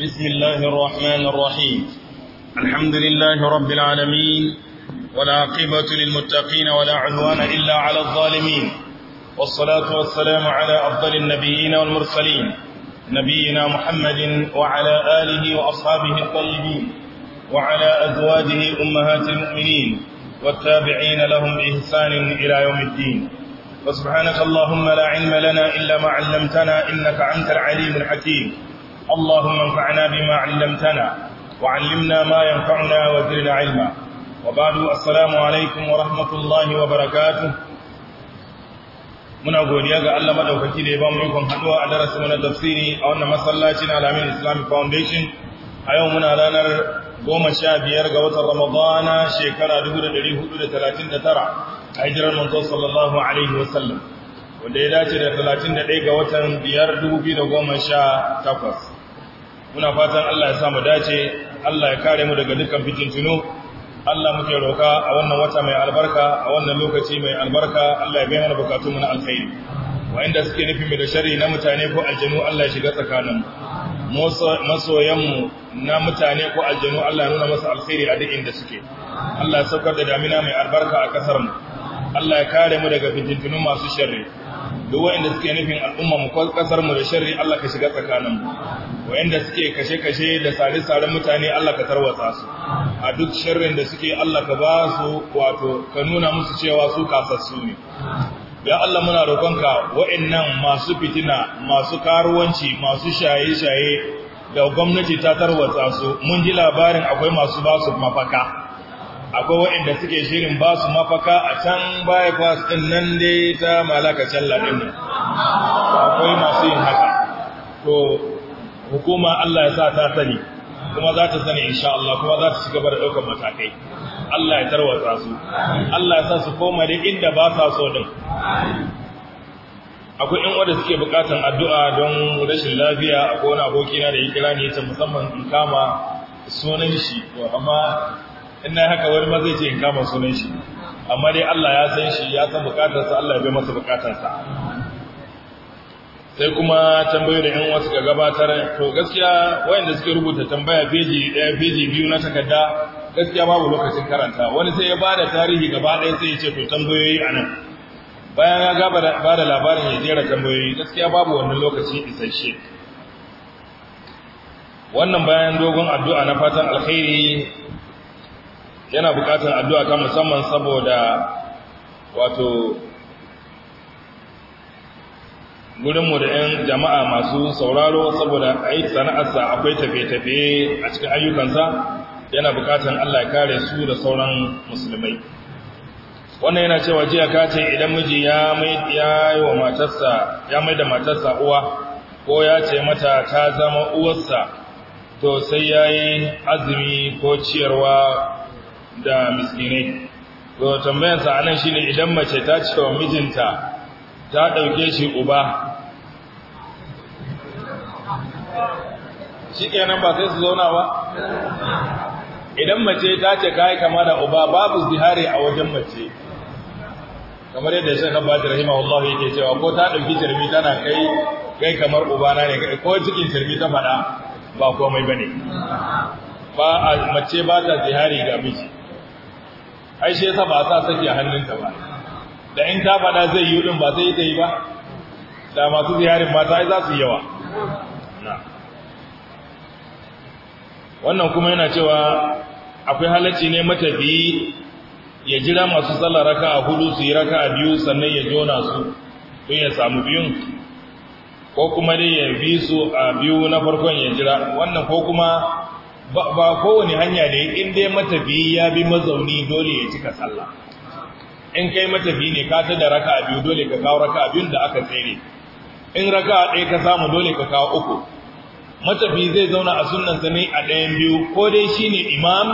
بسم الله الرحمن الرحيم الحمد لله رب العالمين والعاقبة للمتقين ولا عدوان إلا على الظالمين والصلاة والسلام على أفضل النبيين والمرسلين نبينا محمد وعلى آله وأصحابه الطيبين وعلى أزواجه أمهات المؤمنين والتابعين لهم بإحسان إلى يوم الدين فسبحانك اللهم لا علم لنا إلا ما علمتنا إنك أنت العليم الحكيم اللهم انفعنا بما علمتنا وعلمنا ما ينفعنا وزرنا علما وبعد السلام عليكم ورحمة الله وبركاته muna godiya ga Allah madaukaki da ya ba mu ikon haduwa a darasin na tafsiri a wannan masallacin Alamin Islamic Foundation a yau muna ranar goma sha biyar ga watan ramadana shekara tara a hijirar manzo sallallahu alaihi wasallam wanda ya dace da 31 ga watan biyar 2018 muna fatan Allah ya samu dace Allah ya kare mu daga dukkan fitin tuno, Allah muke roka a wannan wata mai albarka a wannan lokaci mai albarka Allah ya bayyana bukatunmu na Wa inda suke nufi mai da sharri na mutane ko aljanu Allah ya shiga tsakaninmu masoyanmu na mutane ko aljanu Allah nuna masa alkhairi a duk inda suke Allah ya saukar da damina mai albarka a kasar mu Allah ya kare mu daga fitintunun masu sharri duk waɗanda suke nufin al'umma mu ko kasar mu da sharri Allah ka shiga tsakanin mu waɗanda suke kashe-kashe da sare sare mutane Allah ka tarwatsa su a duk sharrin da suke Allah ka ba su wato ka nuna musu cewa su kasassu ne ya Allah muna roƙonka wa'annan masu fitina masu karuwanci masu shaye-shaye da gwamnati ta tarwatsa su mun ji labarin akwai masu ba su mafaka akwai wa'anda suke shirin ba su mafaka a can bypass din nan dai ta malaka challa din akwai masu yin haka to hukuma Allah ya sa ta sani kuma za ta sani insha Allah kuma za ta ci gaba da ɗaukar matakai Allah ya tarwatsa su Allah ya sa su koma da inda ba sa so din akwai ƴan wanda suke buƙatar addu'a don rashin lafiya a wani aboki da ya kira ne ya musamman in kama sunan shi amma in na haka wani ma zai ce in kama sunan shi amma dai Allah ya san shi ya san bukatarsa Allah ya bai masa bukatarsa sai kuma tambayoyi da yan wasu ka gabatar to gaskiya wayanda suke rubuta tambaya feji daya feji biyu na takarda gaskiya babu lokacin karanta wani sai ya bada tarihi gaba ɗaya sai ya ce to tambayoyi a bayan ya ga bada labarin ya jera tambayoyi gaskiya babu wannan lokaci isasshe wannan bayan dogon addu'a na fatan alkhairi yana bukatar addu'a kan musamman saboda wato gurinmu da 'yan jama'a masu sauraro saboda a yi sana'arsa akwai tafe-tafe a cikin ayyukansa yana bukatan Allah ya kare su da sauran musulmai wannan yana cewa jiya ka ce idan miji ya mai da matarsa uwa ko ya ce mata ta zama uwarsa to sai ya yi azumi ko ciyarwa da miskinai to tambayarsa anan shine idan mace ta ce wa mijinta ta ɗauke shi uba shi kenan ba sai su zauna ba idan mace ta ce kayi kama da uba babu zihari a wajen mace kamar yadda shi kan bashi Allah yake cewa ko ta ɗauki jirmi tana kai kai kamar uba na ne ko cikin jirmi ta faɗa ba komai ba ne ba a mace ba ta zihari ga miji ai shi yasa ba sa saki a hannunta ba da in ta faɗa zai yi ɗin ba sai ita yi ba da masu ziyarin mata za su yi yawa wannan kuma yana cewa akwai halacci ne matafiyi ya jira masu tsallar raka a hudu su yi raka a biyu sannan ya jona su don ya samu biyun ko kuma dai ya bi su a biyu na farkon ya jira wannan ko kuma ba kowane hanya ne in dai matafiyi ya bi mazauni dole ya cika sallah in kai matafi ne ka ta da raka biyu dole ka kawo raka biyun da aka tsere in raka ɗaya ka samu dole ka kawo uku matafi zai zauna a sunnansa ne a ɗayan biyu ko dai shine imam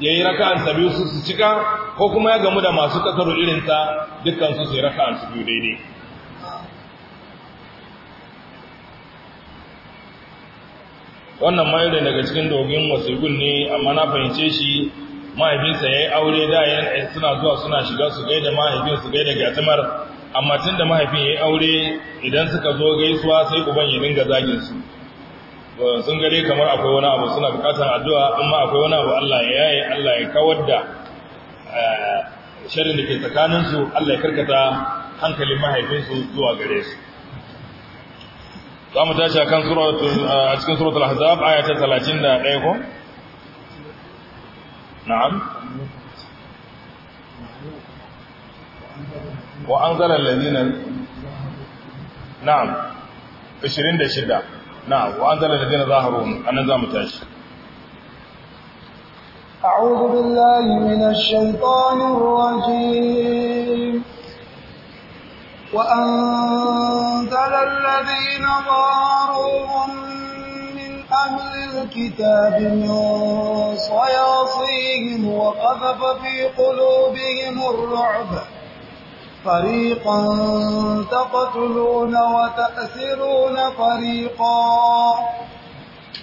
ya yi raka'ansa biyu su su cika ko kuma ya gamu da masu kasar irinsa dukansu su yi su biyu daidai wannan mayar daga cikin dogin wasu ne amma na fahimce shi mahaifinsa ya yi aure da suna zuwa suna shiga su gaida mahaifin gaida gatumar amma tun da mahaifin ya yi aure idan suka zo gaisuwa sai uban ya dinga zaginsu, su sun gare kamar akwai wani abu suna bukatar addu'a amma akwai wani abu Allah ya yaye Allah ya kawar da eh, shirin da ke tsakaninsu Allah ya karkata hankalin mahaifinsu zuwa gare su za mu tashi a eh, cikin suratul hazab aya ta 31 ko نعم وأنزل الذين نعم دشدة نعم وأنزل الذين ظاهرون أنا ذا متاش أعوذ بالله من الشيطان الرجيم وأنزل الذين ظاهرون أهل الكتاب من صياصيهم وقذف في قلوبهم الرعب فريقا تقتلون وتأسرون فريقا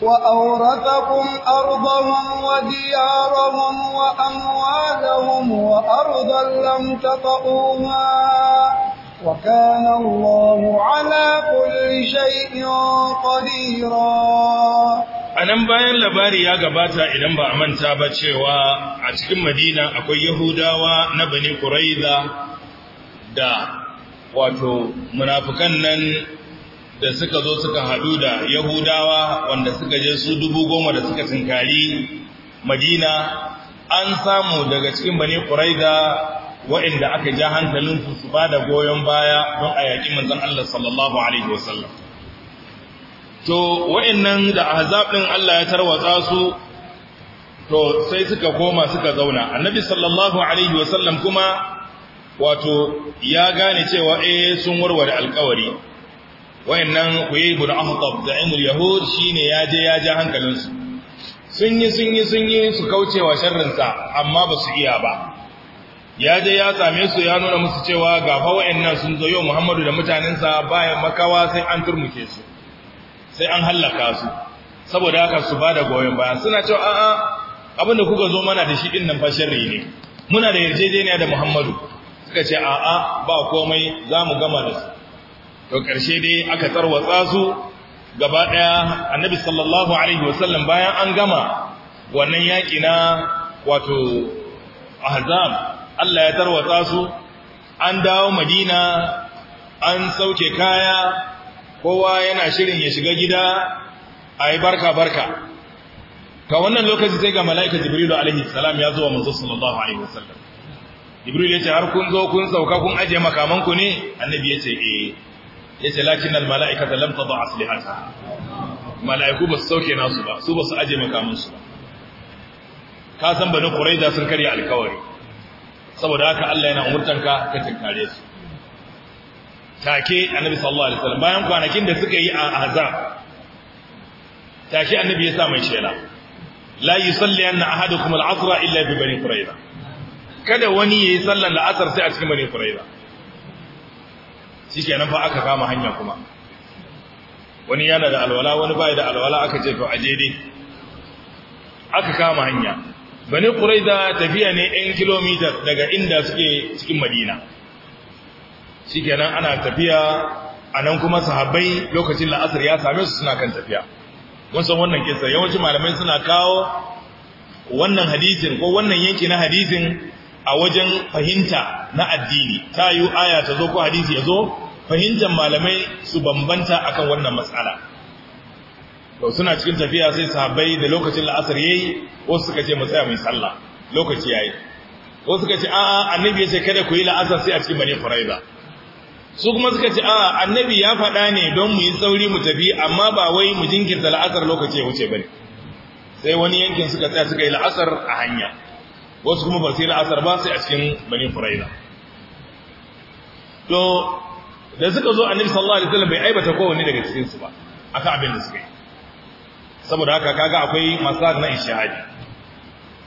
وأورثكم أرضهم وديارهم وأموالهم وأرضا لم تطئوها وكان الله على كل شيء قديرا a nan bayan labari ya gabata idan ba a manta ba cewa a cikin madina akwai yahudawa na bani ƙuraiza da wato munafukan nan da suka zo suka haɗu da yahudawa wanda suka je su dubu goma da suka tunkari madina an samu daga cikin bani kuraiza wa'inda aka ja hankalinsu su ba da goyon baya don a yaki manzon Allah sallallahu alaihi wasallam to wa'innan da ahzab din Allah ya tarwatsa su to sai suka koma suka zauna annabi sallallahu alaihi wasallam kuma wato ya gane cewa eh sun warware alƙawari wa'annan kuyi ibn ahqab za'imul yahud shine ya je ya ja hankalinsu sun yi sun yi sun yi su kaucewa sharrinsa amma ba su iya ba ya je ya same su ya nuna musu cewa ga fa wayannan sun zo yau Muhammadu da mutanensa bayan makawa sai an turmuke su sai an hallaka su saboda haka su bada goyon baya suna cewa a'a da kuka zo mana da shi din nan fa sharri ne muna da yarjejeniya da Muhammadu suka ce a'a ba komai zamu gama da su to karshe dai aka tarwatsa su gaba daya annabi sallallahu alaihi wasallam bayan an gama wannan yaki na wato ahzab Allah ya tarwatsa su an dawo madina an sauke kaya kowa yana shirin ya shiga gida a yi barka-barka Ka wannan lokaci sai ga mala'ika jibrilu alaihi salam ya zo wa manzo sallallahu alaihi wasallam jibrilu ya ce har kun zo kun sauka kun aje makamanku ne annabi ya ce eh ya ce lakin al ta lam ba aslihata mala'iku ba su sauke nasu ba su ba su aje makamansu ba ka san bani quraiza sun karya alkawari saboda haka Allah yana umurtanka ka tinkare su take annabi sallallahu alaihi wasallam bayan kwanakin da suka yi a ahzab take annabi ya sa mai shela la yusalli anna ahadukum al-asra illa bi bani quraiza kada wani yayi sallar la'asar sai a cikin bani quraiza shikenan fa aka kama hanya kuma wani yana da alwala wani bai da alwala aka ce to aje dai aka kama hanya bani kuraiza tafiya ne 'yan kilomita daga inda suke cikin madina shi kenan ana tafiya a nan kuma sahabbai lokacin la'asar ya same su suna kan tafiya san wannan kisa yawanci malamai suna kawo wannan hadisin ko wannan yanki na hadisin a wajen fahimta na addini ta yi aya ta zo ko hadisi ya zo fahimtar malamai su bambanta akan wannan matsala suna cikin tafiya sai sahabbai da lokacin la'asar yayi wasu suka ce mu tsaya mu sallah lokaci yayi wasu suka ce a'a annabi ya ce kada ku yi la'asar sai a cikin bani quraiza su kuma suka ce a'a annabi ya faɗa ne don mu yi sauri mu tafi amma ba wai mu jinkirta la'asar lokaci ya wuce bane sai wani yankin suka tsaya suka yi la'asar a hanya wasu kuma ba su yi la'asar ba sai a cikin bani quraiza to da suka zo annabi sallallahu alaihi wasallam bai aibata kowanne daga cikin su ba akan abin da suka yi saboda haka kaga akwai masar na ishihadi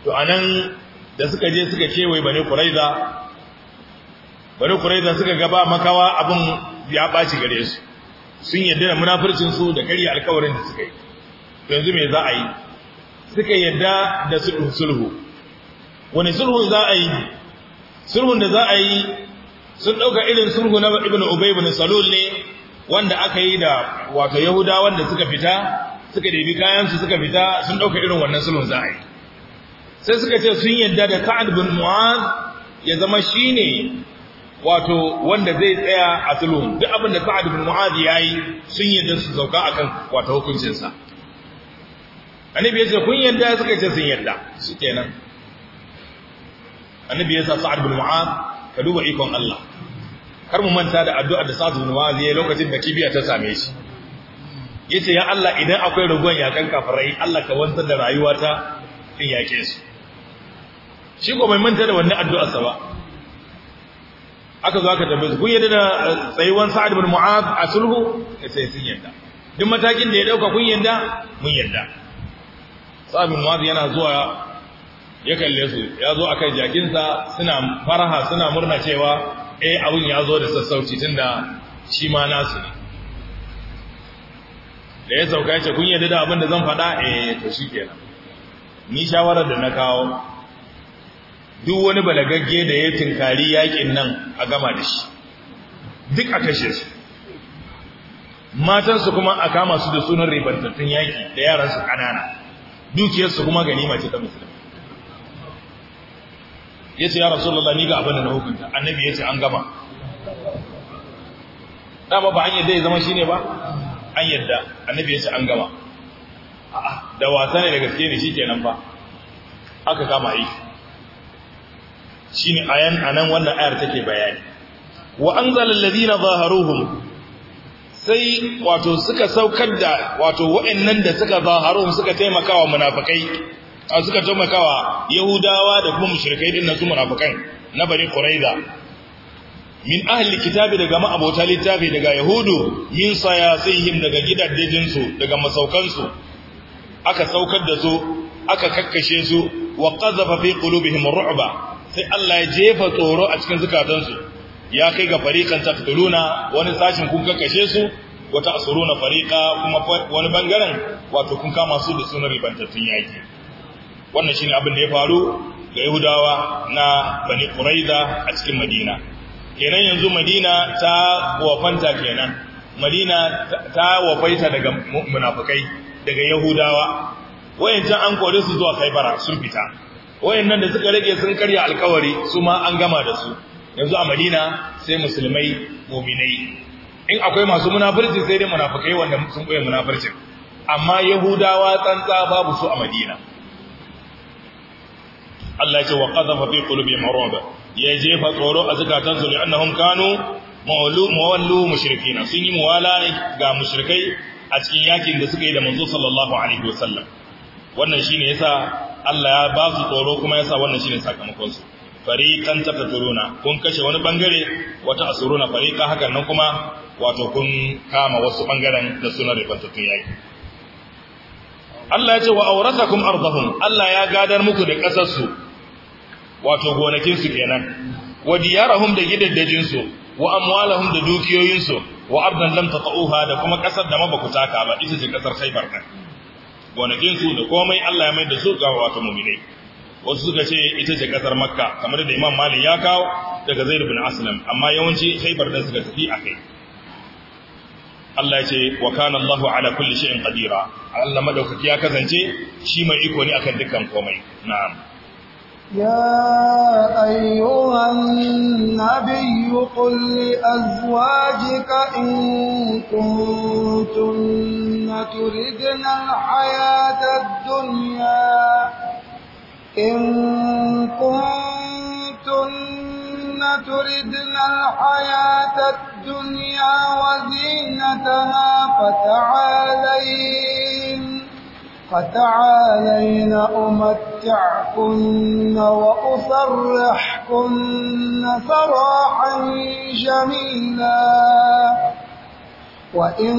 to anan da suka je suka wai bane kuraiza bane kuraiza suka ga ba makawa abin ya baci gare su sun yadda da munafircin su da kari alkawarin da suka yi yanzu me za a yi suka yadda da sulhu wani sulhu za a yi sulhun da za a yi sun dauka irin sulhu na ibn ubay ibn salul ne wanda aka yi da wato Yahuda wanda suka fita suka ɗebi kayansu suka fita sun ɗauka irin wannan sulhun za a yi sai suka ce sun yadda da ka'ad bin mu'az ya zama shi ne wato wanda zai tsaya a sulhun duk abin da ka'ad bin mu'az ya yi sun yadda su sauka akan wato hukuncinsa annabi ya ce kun yadda suka ce sun yadda shi kenan annabi ya sa sa'ad bin mu'az ka duba ikon Allah kar mu manta da addu'ar da sa'ad bin mu'az ya yi lokacin da kibiya ta same shi yace ya Allah idan akwai ragon yakan kafirai Allah ka wanzar da rayuwata in yake su shi ko bai manta da wannan addu'a sa ba aka zo aka tambaye su kun yadda eh, tsayuwan Sa'ad bin Mu'adh a sulhu sai sun yadda duk matakin da ya dauka kun yadda mun yadda Sa'ad bin Mu'adh yana zuwa ya kalle su ya zo akan jakinsa suna faraha suna murna cewa eh abin ya zo da sassauci tunda shi ma nasu ne da ya sauka ce kun yadda da abin da zan faɗa eh to kenan. ni shawarar da na kawo duk wani balagagge da ya tinkari yakin nan a gama da shi duk a kashe su matansu kuma a kama su da sunan ribantattun yaki da yaransu ƙanana dukiyarsu kuma ganima ce ta musulmi ya ce ya rasulullah ni ga abin da na hukunta annabi ya ce an gama dama ba an yadda ya zama shine ba an yadda annabi ya ce an gama da wasa ne da gaske ne shikenan ba aka kama yi. shine ayan anan wannan ayar take bayani wa anzalal ladina zaharuhum sai wato suka saukar da wato wa'annan da suka zaharuhum suka taimaka wa munafikai suka taimaka wa yahudawa da kuma mushrikai din nan su munafikan na bari quraiza min ahli kitabi daga ma'abota littafi daga yahudu min sayasihim daga jinsu daga masaukansu aka saukar da su aka kakkashe su wa qadhafa fi qulubihim ru'ba sai Allah ya jefa tsoro a cikin zukatansu ya kai ga fariqan taqtuluna wani sashin kun kakkashe su wa ta'suruna fariqa kuma wani bangaren wato kun kama su da sunan ribantattun yaki wannan shine abin da ya faru ga Yahudawa na Bani Quraiza a cikin Madina kenan yanzu madina ta wafanta kenan madina ta wafaita daga munafukai daga yahudawa wayancan an kore su zuwa khaibara sun fita wayannan da suka rage sun karya alkawari su ma an gama da su yanzu a madina sai musulmai muminai in akwai masu munafurci sai dai munafukai wanda sun koyi munafurci, amma yahudawa tsantsa babu su a madina Allah ya ce wa qadhafa fi qulubi marada ya jefa tsoro a zukatansu li annahum kanu mawallu mushrikina sun yi muwala ga mushrikai a cikin yakin da suka yi da manzo sallallahu alaihi wasallam wannan shine yasa Allah ya ba su tsoro kuma yasa wannan shine sakamakon su fariqan taqtuluna kun kashe wani bangare wata asuruna fariqa hakan nan kuma wato kun kama wasu bangaren da sunan ribantattun yaki Allah ya ce wa auratakum ardahum Allah ya gadar muku da kasar su wato gonakin su kenan wa diyarahum da gidaddajin su wa amwalahum da dukiyoyin su wa ardan lam tatauha da kuma kasar da mabaku taka ba ita ce kasar Khaibar din gonakin su da komai Allah ya mai da su ga wato mu'minai wasu suka ce ita ce kasar Makka kamar da Imam Malik ya kawo daga Zaid bin Aslam amma yawanci Khaibar da suka tafi akai Allah ya ce wa kana Allahu ala kulli shay'in qadira Allah madaukaki ya kasance shi mai iko ne akan dukkan komai na'am يا أيها النبي قل لأزواجك إن كنتن تردن الحياة الدنيا إن كنتن تردن الحياة الدنيا وزينتها فتعالين فتعالين أمتعكن وأسرحكن سراحا جميلا وإن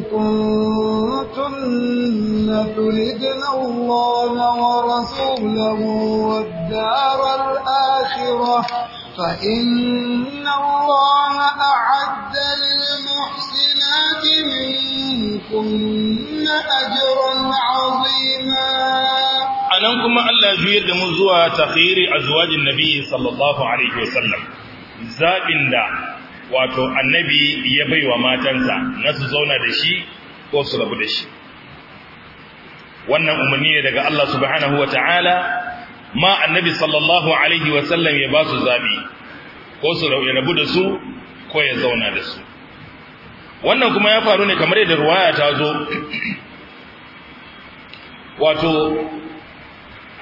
كنتن تردن الله ورسوله والدار الآخرة فإن الله أعد للمحسنات منكن anan kuma Allah juyar da mu zuwa a azwajin nabi sallallahu alaihi wasallam Zaɓin da wato annabi ya baiwa matansa na su zauna da shi ko su rabu da shi wannan umarni ne daga Allah subhanahu ma annabi sallallahu alaihi wasallam ya ba su zabi ko su rabu da su ko ya zauna da su wannan kuma ya faru ne kamar yadda ruwaya ta zo wato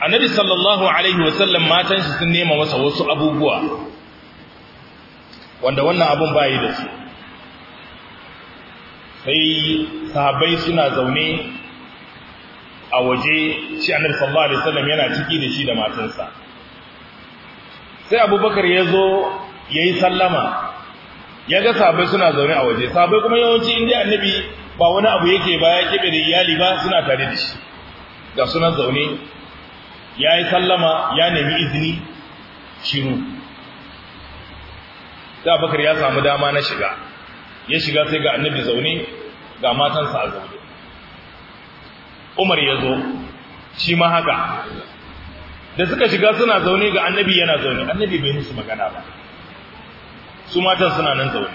annabi sallallahu alaihi wasallam matan shi sun nema masa wasu abubuwa wanda wannan abun bayi da su sai sahabbai suna zaune a waje shi annabi sallallahu alaihi wasallam yana ciki da shi da matansa sai abubakar ya zo ya yi sallama ya ga sabai suna zaune a waje sabai kuma yawanci inda annabi ba wani abu yake ba ya kebe da iyali ba suna tare da shi ga sunan zaune ya yi sallama ya nemi izini shiru da bakar ya samu dama na shiga ya shiga sai ga annabi zaune ga matansa a zaune umar ya zo shi ma haka da suka shiga suna zaune ga annabi yana zaune annabi bai musu magana ba su matan suna nan zaune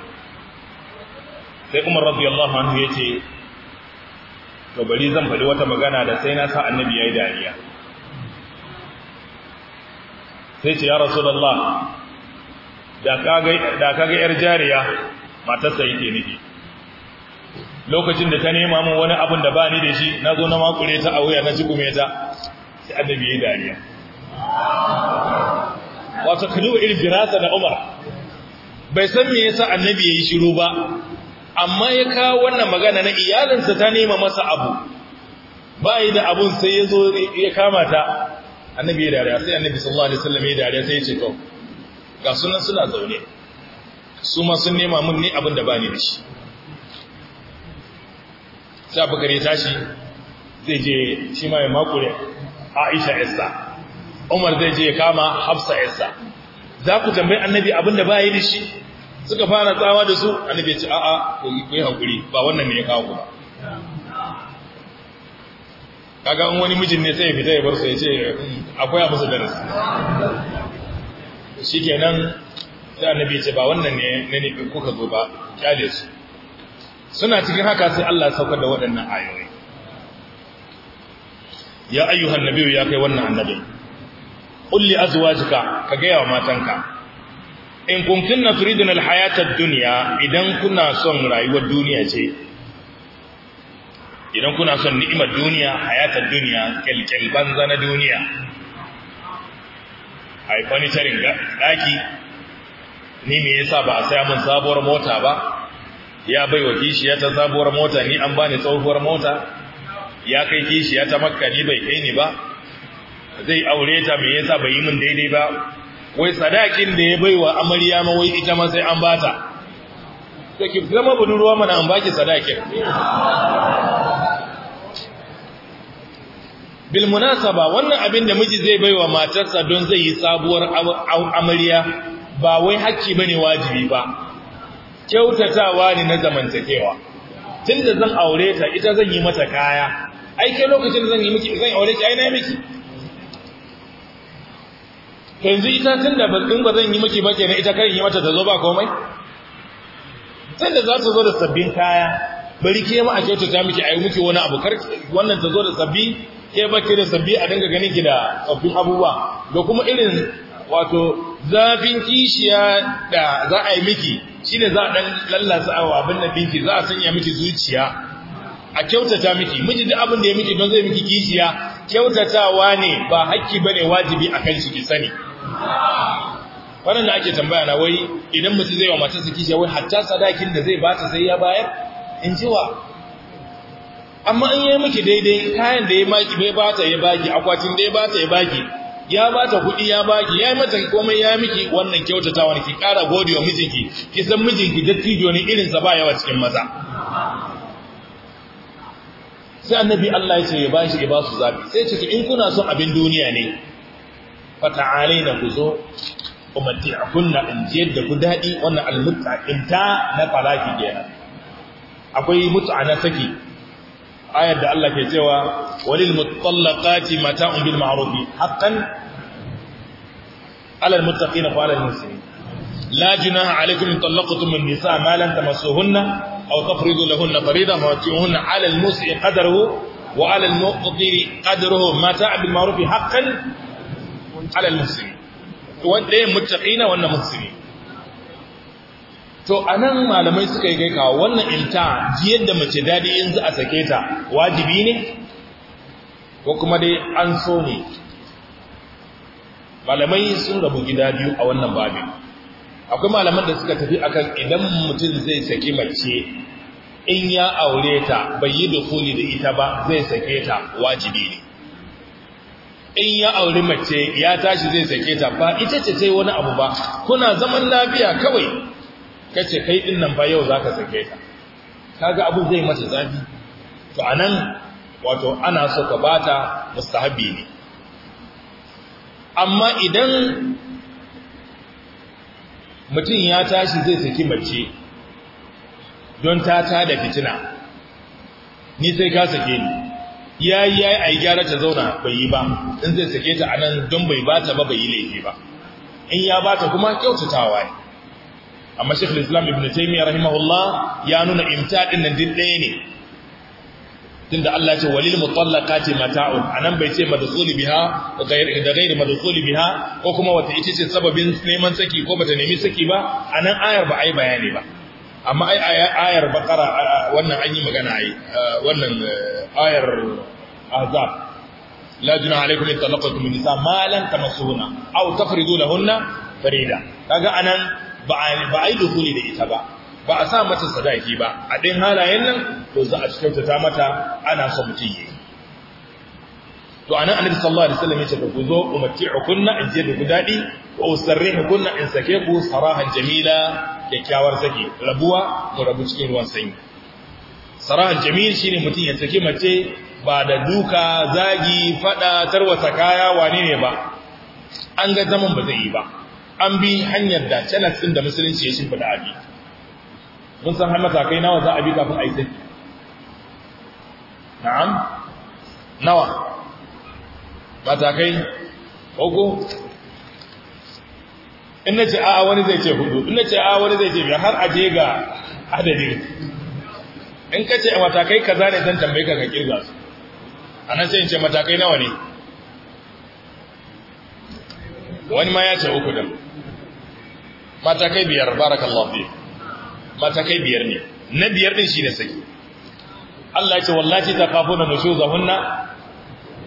sai umar radiyallahu anhu ya ce to bari zan faɗi wata magana da sai na sa annabi ya yi dariya sai ce ya rasulallah da kaga yar jariya matarsa yake nufi lokacin da ta nema min wani abin da ba ni da shi na zo na makure ta a wuya na ci gume ta sai annabi ya yi dariya wato ka irin birasa na umar bai san me yasa annabi yayi shiru ba amma ya kawo wannan magana na iyalinsa ta nema masa abu bai da abun sai yazo ya kama ta annabi ya dariya sai annabi sallallahu alaihi wasallam ya dariya sai ya ce to ga sunan suna zaune su ma sun nema mun ne abin da bani da shi sai abubakar ya tashi zai je shi ma ya makure aisha esta umar zai je ya kama hafsa esta za ku tambayi annabi abin da yi da shi suka fara tsawa da su annabi ya ce a'a ku yi hakuri ba wannan ne ya kawo ba kaga an wani mijin ne sai ya fita ya bar su ya ce akwai a musu darasi shikenan sai annabi ya ce ba wannan ne ne ne kuka zo ba kyale su suna cikin haka sai Allah ya saukar da waɗannan ayoyi ya ayyuhan nabiyyu ya kai wannan annabi qul li azwajika ka ga ya matanka in kun kunna turidun alhayatar duniya idan kuna son rayuwar duniya ce idan kuna son ni'imar duniya hayatar duniya kyalkyal banza na duniya a yi furniturin ɗaki ni me yasa ba a saya mun sabuwar mota ba ya bai wa kishiya ta sabuwar mota ni an bani tsohuwar mota ya kai kishiya ta makka ni bai kai ni ba zai aure ta me yasa bai yi min daidai ba wai sadakin da ya baiwa amarya ma wai ita ma sai an bata to ki zama budurwa mana an baki sadakin bil munasaba wannan abin da miji zai baiwa matarsa don zai yi sabuwar amarya ba wai hakki bane wajibi ba kyautatawa ne na zamantakewa tunda zan aure ta ita zan yi mata kaya aike lokacin zan yi miki zan aure ki ai na miki yanzu ita tun da in ba zan yi miki ba kenan ita karin yi mata ta zo ba komai tun za su zo da sabbin kaya bari ke mu a kyautata miki a miki wani abu kar wannan ta zo da sabbi ke ba da sabbi a dinga ganin ki da sabbin abubuwa da kuma irin wato zafin kishiya da za a yi miki shine za a dan lallasa a abin nan binki za a sanya miki zuciya a kyautata miki miji duk abin da ya miki don zai miki kishiya kyautatawa ne ba hakki bane wajibi akan shi ki sani wannan da ake tambaya na wai idan mutum zai wa su kishiya wai hatta sadakin da zai bata sai ya bayar in ji amma in yi miki daidai kayan da ya maki bai bata ya baki akwatin da ya bata ya baki ya bata kuɗi ya baki ya yi mata komai ya miki wannan kyautata wani ki ƙara gode mijinki ki san mijinki tijo ne irinsa ba yawa cikin maza sai annabi Allah ya ce ya bashi ya ba su zabi sai ce in kuna son abin duniya ne fata'alaina ku zo umatti'kunna in jiyar da ku dadi wannan almutta ta na talaki kenan akwai mutu'a na saki ayar da Allah ke cewa walil mutallaqati mata'un bil ma'ruf haqqan ala al muttaqina wa ala al muslimin la junaha alaykum in tallaqtum an nisa ma lam tamassuhunna aw tafridu lahunna fariida wa tu'unna ala al musii qadaruhu wa ala al muqdiri qadaruhu mata'a bil ma'ruf haqqan alal muslimi wanda yin na wannan muslimi to anan malamai suka yi gaikawa wannan ilta ji yadda mace daɗi in za a sake ta wajibi ne ko kuma dai an so ne malamai sun rabu gida biyu a wannan babin akwai malaman da suka tafi akan idan mutum zai sake mace in ya aure ta bai yi da dukuli da ita ba zai sake ta wajibi ne in ya auri mace ya tashi zai sake ta ba ita ce ta wani abu ba kuna zaman lafiya kawai kace kai din nan ba yau zaka sake ta kaga abu zai mata zafi to anan wato ana so ka bata mustahabi ne amma idan mutum ya tashi zai saki mace don ta da fitina ni sai ka sake ni ya yi ya yi a yi gyara ta zauna bai yi ba in zai sake ta a nan don bai ba ta ba bai yi laifi ba in ya ba ta kuma kyautatawa ne amma shekul islam ibn taimiyya rahimahullah ya nuna imta ɗin nan din ɗaya ne tunda Allah ce walil mutallaqati mata'un anan bai ce madkhuli biha da biha ko kuma wata ita ce sababin neman saki ko bata nemi saki ba a nan ayar ba ai bayani ba amma ai ayar bakara wannan an yi magana ai wannan e, ayar azab la juna alaikum in talaqtum nisa ma lan tamassuhuna aw tafridu lahunna farida kaga anan ba ba ai dukuli da ita ba ba a sa mata sadaki ba a din halayen nan to za a kyautata mata ana son mutum yi to anan annabi sallallahu alaihi wasallam yace ku zo kunna in je da ku wa wa kunna in sake ku sarahan jamila kyakkyawar sake rabuwa ko rabu cikin ruwan sanyi sarahan jamil shine mutum ya sake mace ba da duka zagi fada tarwata kaya wane ne ba an ga zaman ba zai yi ba an bi hanyar da channels din da musulunci ya da abi mun san har matakai nawa za a bi kafin a yi na'am nawa matakai uku in na ce a wani zai ce hudu in na ce a wani zai ce biya har aje ga adadin in ka ce a matakai ka zane zan tambayi ka ga kirga su a nan sai in ce matakai nawa ne wani ma ya ce uku din matakai biyar barakallahu fi matakai biyar ne na biyar din ne saki Allah ya ce wallahi ta kafuna nushuzahunna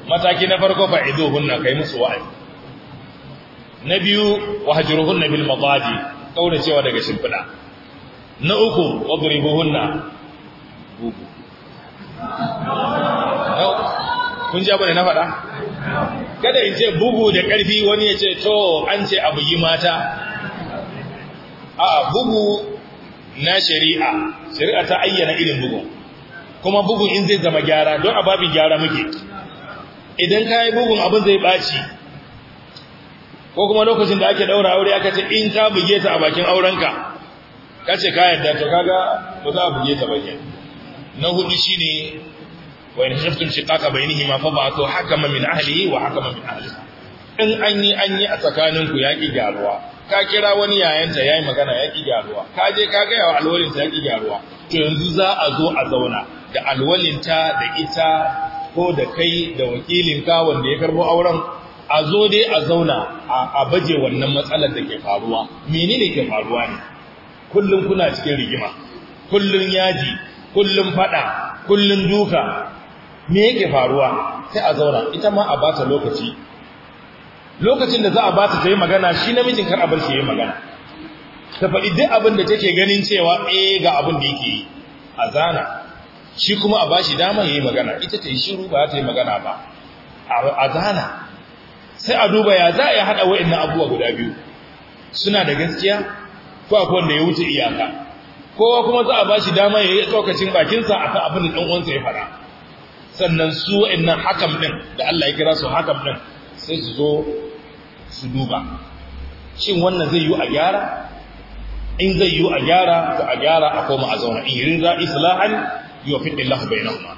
mataki na farko fa hunna kai musu wa'azi na biyu hunna bil madadi kauna cewa daga shimfida na uku hunna, bubu kun ji abin da na faɗa kada in ce bugu da ƙarfi wani ya ce to an ce abu yi mata a bugu na shari'a shari'a ta ayyana irin bugun kuma bugun in zai zama gyara don a babin gyara muke idan ka yi bugun abin zai ɓaci ko kuma lokacin da ake ɗaura aure aka ce in ka buge ta a bakin aurenka ka ce ka yadda ta kaga ba za a buge ta ba na hudu shi ne wa bai nihi mafa ba fa ba'athu haka min ahali, wa hakaman min ahali in an yi an yi a tsakaninku ya ƙi gyaruwa ka kira wani yayanta ya yi magana ya ƙi gyaruwa ka je ka gaya wa alwalinta ya ƙi gyaruwa to yanzu za a zo a zauna da alwalinta da ita ko da kai da wakilin ka wanda ya karbo auren a zo dai a zauna a baje wannan matsalar da ke faruwa menene ke faruwa ne kullun kuna cikin rigima Kullun yaji kullum fada kullum duka me yake faruwa sai a zauna ita ma a bata lokaci lokacin da za a bata ta yi magana shi namijin kar a bar shi yi magana ta faɗi duk abin da take ganin cewa eh ga abin da yake yi a zana shi kuma a ba shi dama ya yi magana ita ta yi shiru ba ta yi magana ba a zana sai a duba ya za a hada na abuwa guda biyu suna da gaskiya ko akwai wanda ya wuce iyaka kowa kuma za a ba shi dama ya yi tsokacin bakinsa akan abin da dan ya fara sannan su wa'in nan hakam ɗin da Allah ya kira su hakan ɗin sai su zo su duba shin wannan zai yi a gyara in zai yi a gyara to a gyara a koma a zauna in a za islahan yuwaffiq Allah bainahuma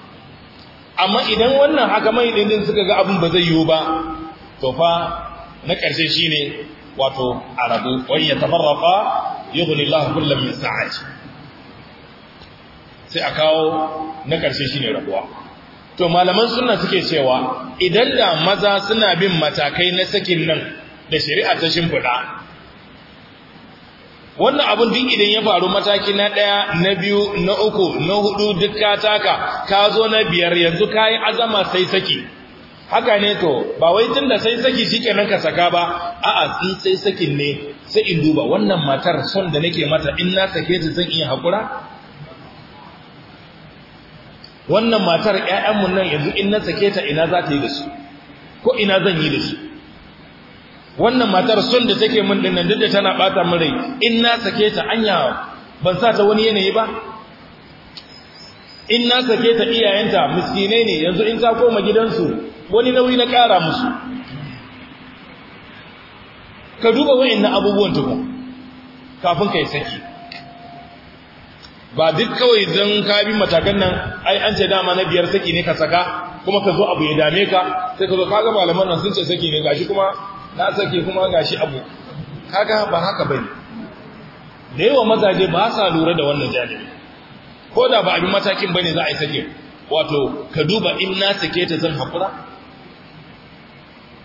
amma idan wannan haka mai din suka ga abin ba zai yiwu ba to fa na ƙarshe shine wato arabu wa ya tafarraqa yughni Allah kullam min sa'ati sai a kawo na ƙarshe shine rabuwa to malaman suna suke cewa idan da maza suna bin matakai na sakin nan da shari'a ta shimfiɗa wannan abin duk idan ya faru mataki na ɗaya na biyu na uku na hudu duk ka taka ka zo na biyar yanzu ka yi azama sai saki haka ne to ba wai tun da sai saki shi kenan ka saka ba a'a in sai sakin ne sai in duba wannan matar son da nake mata in na sake ta zan iya haƙura wannan matar ƴaƴanmu nan yanzu in na sake ta ina za ta yi da su ko ina zan yi da su wannan matar son da take min dinnan duk da tana bata min rai in na sake ta anya ban sa ta wani yanayi ba in na sake ta iyayenta miskinai ne yanzu in ta koma gidansu wani nauyi na kara musu ka duba wa'annan abubuwan tuku kafin ka yi saki ba duk kawai don ka matakan nan ai an ce dama na biyar saki ne ka saka kuma ka zo abu ya dame ka sai ka zo ka ga malaman nan sun ce saki ne gashi kuma na sake kuma ga shi abu kaga ba haka ba ne. da yawa mazaje ba sa lura da wannan jami'i ko da ba abin matakin ba ne za a yi sake wato ka duba in na sake ta zan hakura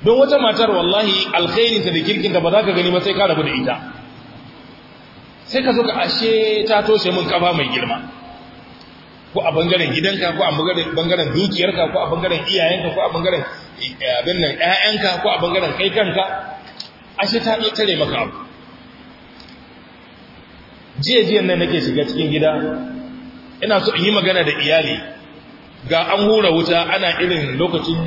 don wata matar wallahi ta da kirkinta ba za ka gani ba sai ka rabu da ita sai ka zo ka ashe ta toshe min kafa mai girma ko a bangaren gidanka ko a bangaren dukiyarka ko a bangaren iyayenka ko a bangaren eh, abin nan ƴaƴanka ko a bangaren kai kanka ashe ta tare maka abu jiya jiya nan nake shiga cikin gida ina so in yi magana da iyali ga an hura wuta ana irin lokacin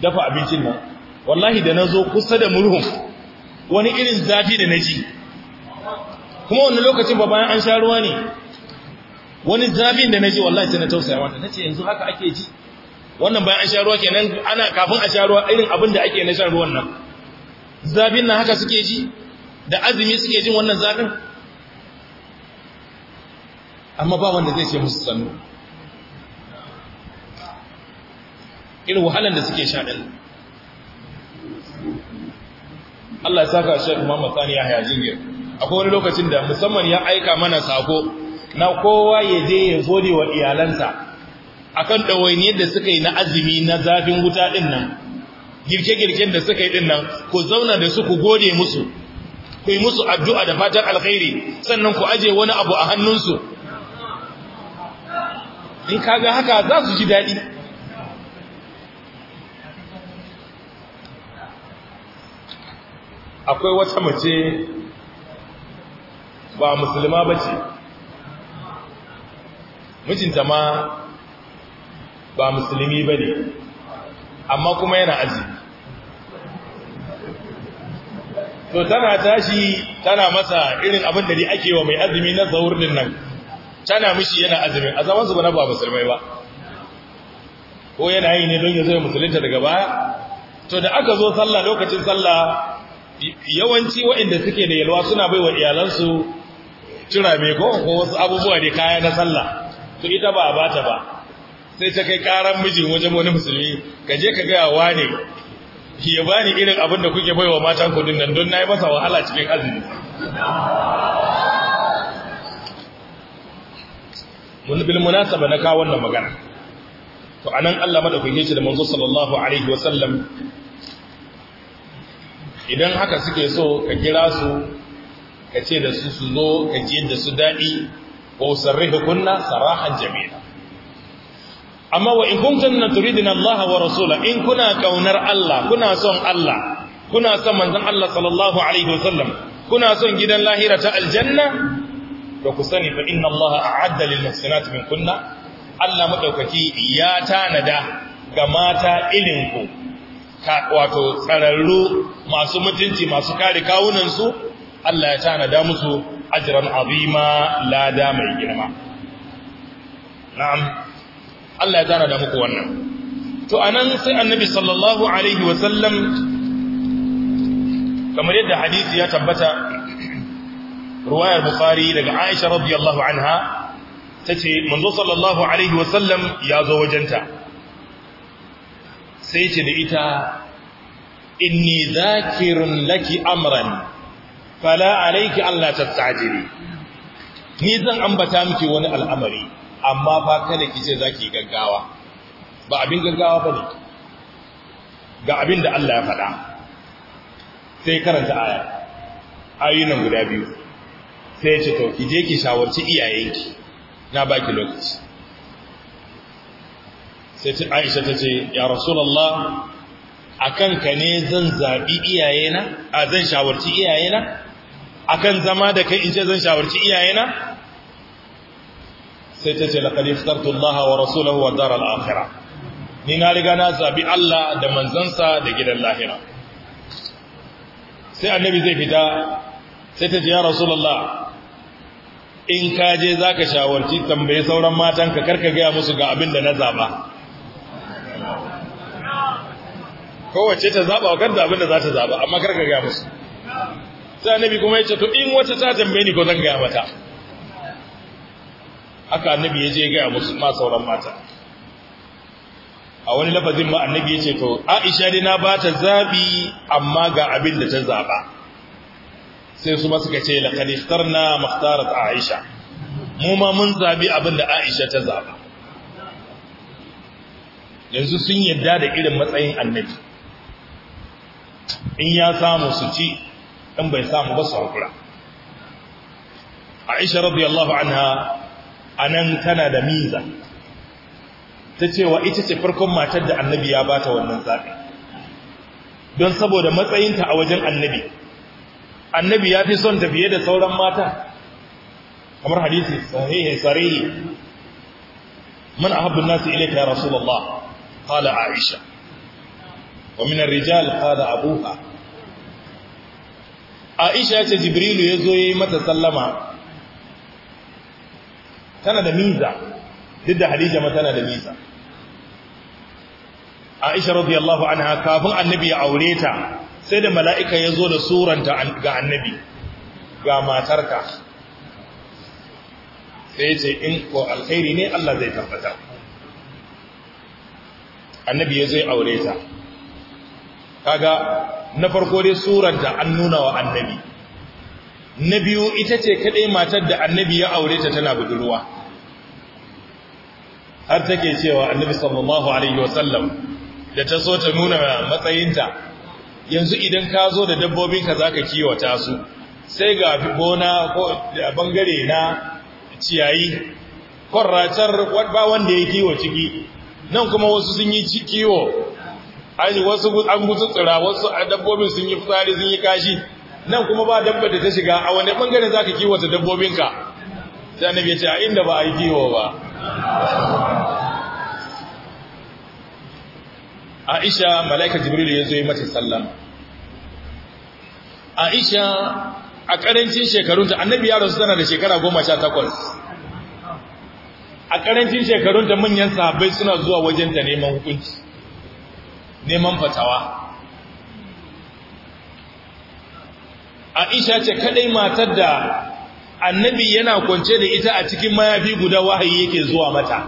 dafa abincin nan wallahi da nazo kusa da murhun wani irin zafi da na ji. kuma wannan lokacin ba bayan an sha ruwa ne wani jami'in da ji wallahi sai na tausaya mata nace yanzu haka ake ji wannan bayan an sha ruwa kenan ana kafin a sha ruwa irin abin da ake na shan ruwan nan zabin nan haka suke ji da azumi suke jin wannan zabin amma ba wanda zai ce musu sannu irin wahalan da suke sha din Allah ya saka shi Muhammad Sani ya hayajin akwai wani lokacin da musamman ya aika mana sako na kowa ya je ya gode wa iyalansa akan ɗawainiyar da suka yi na azumi na zafin wuta ɗin nan girke-girken da suka yi ɗin nan ku zauna da su ku gode musu ku yi musu addu'a da fatan alkhairi sannan ku aje wani abu a hannunsu in ka ga haka za su ji daɗi akwai wata mace ba musulma ba ce mijinta ma ba musulmi ba ne amma kuma yana aji to tana tashi tana masa irin abin da ne ake wa mai azumi na zaurin nan tana mishi yana azumi a zamansu ba na ba musulmai ba ko yana yi ne don ya zai musulunta daga baya to da aka zo sallah lokacin sallah yawanci waɗanda suke da yalwa suna bai wa iyalansu turame ko wasu abubuwa ne kaya na sallah to ita ba a bata ba sai ta kai karan mijin wajen wani musulmi ka je ka gaya ne ya bani irin abin da kuke baiwa matan kudin nan don nayi masa wahala cikin azumi mun bil munasaba na kawo wannan magana to anan Allah madaukake shi da manzo sallallahu alaihi wa sallam idan haka suke so ka kira su ka ce da su su zo ka ji da su daɗi wa usarrihukunna sarahan jami'a. amma wa in kuntunna turidina Allah wa rasula in kuna ƙaunar Allah kuna son Allah kuna son manzon Allah sallallahu alaihi wasallam kuna son gidan lahira ta aljanna Da ku sani fa inna Allah a'adda lil muhsinati min kunna Allah madaukaki ya tanada ga mata ilinku wato tsararru masu mutunci masu kare kawunansu, Allah ya tanada musu ajran abima lada mai girma na'am Allah ya tana da muku wannan to a nan sai annabi sallallahu alaihi wasallam kamar yadda hadisi ya tabbata ruwayar bukhari daga aisha radiyallahu anha ta ce, manzo sallallahu alaihi wasallam ya zo wajenta sai ce da ita inni zakirun laki amran fala alayki Allah tastajili ni zan ambata miki wani al'amari amma ba kada ki ce zaki gaggawa ba abin gaggawa bane ga abin da Allah ya faɗa sai karanta aya ayyunan guda biyu sai ce to ki je ki shawarci iyayenki na baki lokaci sai Aisha ta ce ya rasulullah akan ka ne zan zabi iyayena a zan shawarci iyayena akan zama da kai in ce zan shawarci iyayena sai ta ce laqad ikhtartu Allah wa rasulahu wa daral akhirah ni na riga na zabi Allah da manzansa da gidan lahira sai annabi zai fita sai ta ce ya rasulullah in ka je zaka shawarci tambaye sauran matan ka karka ga musu ga abin da na zaba kowace ta zaba wa kanta abin da za ta zaba amma karka ga musu sai nabi kuma ya ce to in wata ta tambaye ni ko zan gaya mata haka annabi ya je ya gaya musu ma sauran mata a wani lafazin ma annabi ya ce to aisha dai na ba ta zabi amma ga abin da ta zaba sai su ma suka ce laqad ikhtarna makhtarat aisha mu ma mun zaɓi abin da aisha ta zaɓa, yanzu sun yadda da irin matsayin annabi in ya samu su ci in bai samu ba su haƙura aisha radiyallahu anha A nan tana da miza ta cewa ita ce farkon matar da annabi ya bata wannan zaɓi don saboda matsayinta a wajen annabi annabi ya fi son tafiye da sauran mata kamar hadisi sahihi sarihi man ahabbu an-nas ilayka ya rasulullah qala aisha wa min ar-rijal qala abuka. aisha ce jibrilu ya zo ya yi mata sallama tana da miza duk da hadija ma tana da miza aisha radiyallahu anha kafin annabi ya aure ta sai da mala'ika ya zo da suranta ga annabi ga matarka sai ce in ko alkhairi ne Allah zai tabbata annabi ya zai aure ta kaga na farko dai surar da an nuna wa annabi na biyu ita ce kaɗai matar da annabi ya aure ta tana budurwa har take cewa annabi sallallahu alaihi wasallam da ta so ta nuna matsayinta yanzu idan ka zo da dabbobinka za ka kiwata su sai ga gona ko bangare na ciyayi kwarracar ba wanda ya kiwo ciki nan kuma wasu sun yi kiwo ainihin wasu an tsira wasu dabbobin sun yi fitsari sun yi kashi nan kuma ba dabba da ta shiga a wani bangare za ka kiwata dabbobinka sai annabi ya ce a inda ba a yi kiwo ba Aisha malaika Jibril ya zo yi mata sallah Aisha a karancin shekarunta annabi ya rasu tana da shekara goma sha takwas. a karancin shekarunta manyan sahabbai suna zuwa wajenta neman hukunci neman fatawa Aisha ce kaɗai matar da annabi yana kwance da ita a cikin mayafi guda wahayi yake zuwa mata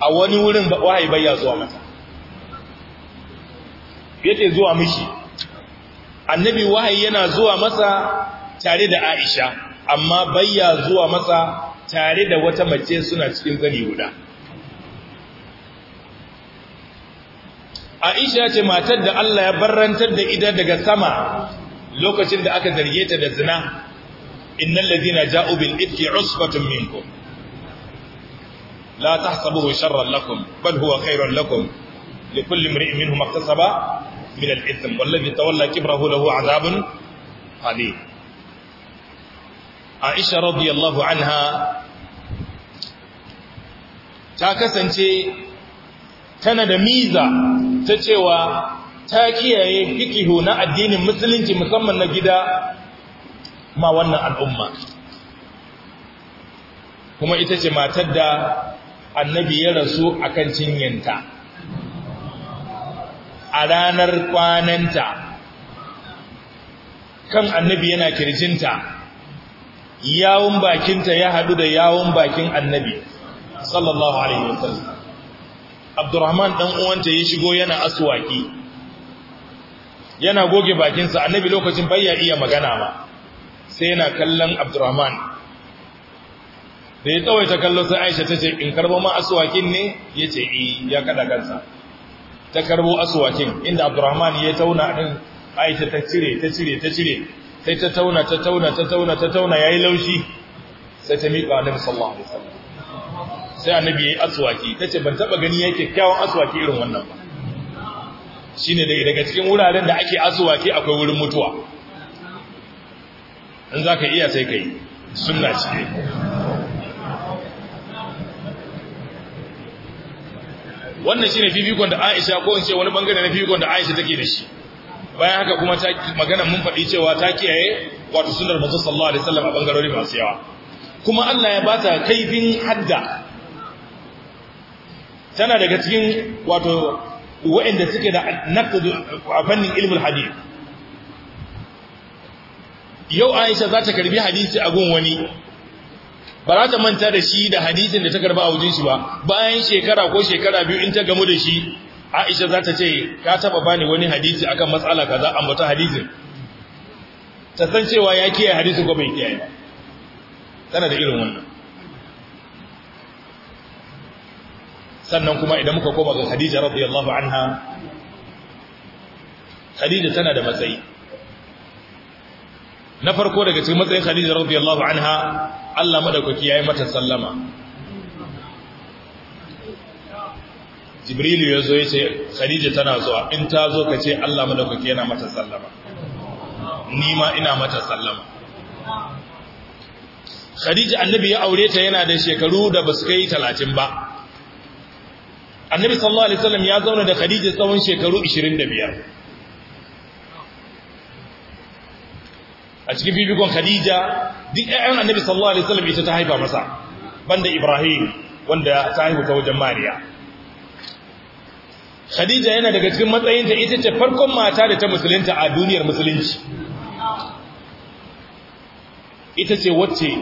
a wani wurin wahayi bayya zuwa mata yake zuwa mishi annabi wahayi yana zuwa masa tare da Aisha amma bayya zuwa masa tare da wata mace suna cikin zani guda Aisha ce matar da Allah ya barrantar da ita daga sama lokacin da aka zarge ta da zina innal ladhina ja'u bil ifki usbatun minkum la tahsabuhu sharran lakum bal huwa khairan lakum likulli imri'in minhum maktasaba min al ithm wal ladhi tawalla kibrahu lahu 'adhabun alim Aisha radiyallahu anha ta kasance tana da miza ta cewa ta kiyaye fikihu na addinin musulunci musamman na gida ma wannan al'umma kuma ita ce matar da annabi ya rasu a kan cinyanta a ranar kwananta kan annabi yana kirjinta yawon bakinta ya haɗu da yawon bakin annabi sallallahu alaihi wasallam abdurrahman dan uwanta ya shigo yana aswaki yana goge bakinsa annabi lokacin bayya iya magana ma sai yana kallon abdurrahman da ya tsawaita kallo sai aisha ta ce in karbo ma aswakin ne ya ce eh ya kada kansa ta karbo aswakin inda abdurrahman ya tauna din aisha ta cire ta cire ta cire sai ta tauna ta tauna ta tauna ta tauna yayi laushi sai ta miƙa annabi sallallahu alaihi wasallam sai annabi yayi aswaki tace ban taba gani yayi kyakkyawan aswaki irin wannan ba shine dai daga cikin wuraren da ake aswaki akwai wurin mutuwa in zaka iya sai kai sunna ce wannan shine fifikon da Aisha ko in ce wani bangare na fifikon da Aisha take da shi bayan haka kuma ta magana mun faɗi cewa ta kiyaye wato sunnar manzo sallallahu alaihi wasallam a bangarori masu yawa kuma Allah ya bata kaifin hadda tana daga cikin wato waɗanda suke da naqdu a fannin ilmul hadith yau Aisha za ta karbi hadisi a gun wani ba za ta manta da shi da hadisin da ta karba a wajen shi ba bayan shekara ko shekara biyu in ta gamu da shi Aisha za ta ce ka taba bani wani hadisi akan matsala kaza bata hadisin ta san cewa ya kiyaye hadisin ko bai kiyaye ba tana da irin wannan sannan kuma idan muka koma ga Khadija radiyallahu anha Khadija tana da matsayi na farko daga cikin matsayin Khadija radiyallahu anha Allah madaukaki yayi mata sallama Jibril ya zo ya ce Khadija tana zuwa in ta zo ka ce Allah madaukaki yana mata sallama ni ma ina mata sallama Khadija annabi ya aure ta yana da shekaru da basu kai 30 ba annabi sallallahu alaihi wasallam ya zauna da khadija tsawon shekaru 25 a cikin bibigon khadija duk ƴaƴan annabi sallallahu alaihi wasallam ita ta haifa masa banda ibrahim wanda ta haihu ta wajen mariya khadija yana daga cikin matsayinta ita ce farkon mata da ta musulunta a duniyar musulunci ita ce wacce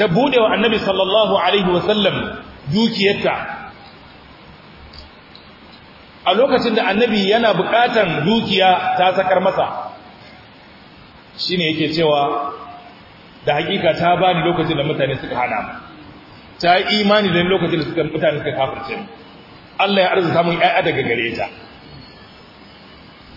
ta bude wa annabi sallallahu alaihi wasallam dukiyarta a lokacin da annabi yana bukatan dukiya ta sakar masa shine yake cewa da hakika ta bani lokacin da mutane suka hana ta yi imani da lokacin da mutane suka kafirce Allah ya arzuta mun yaya daga gare ta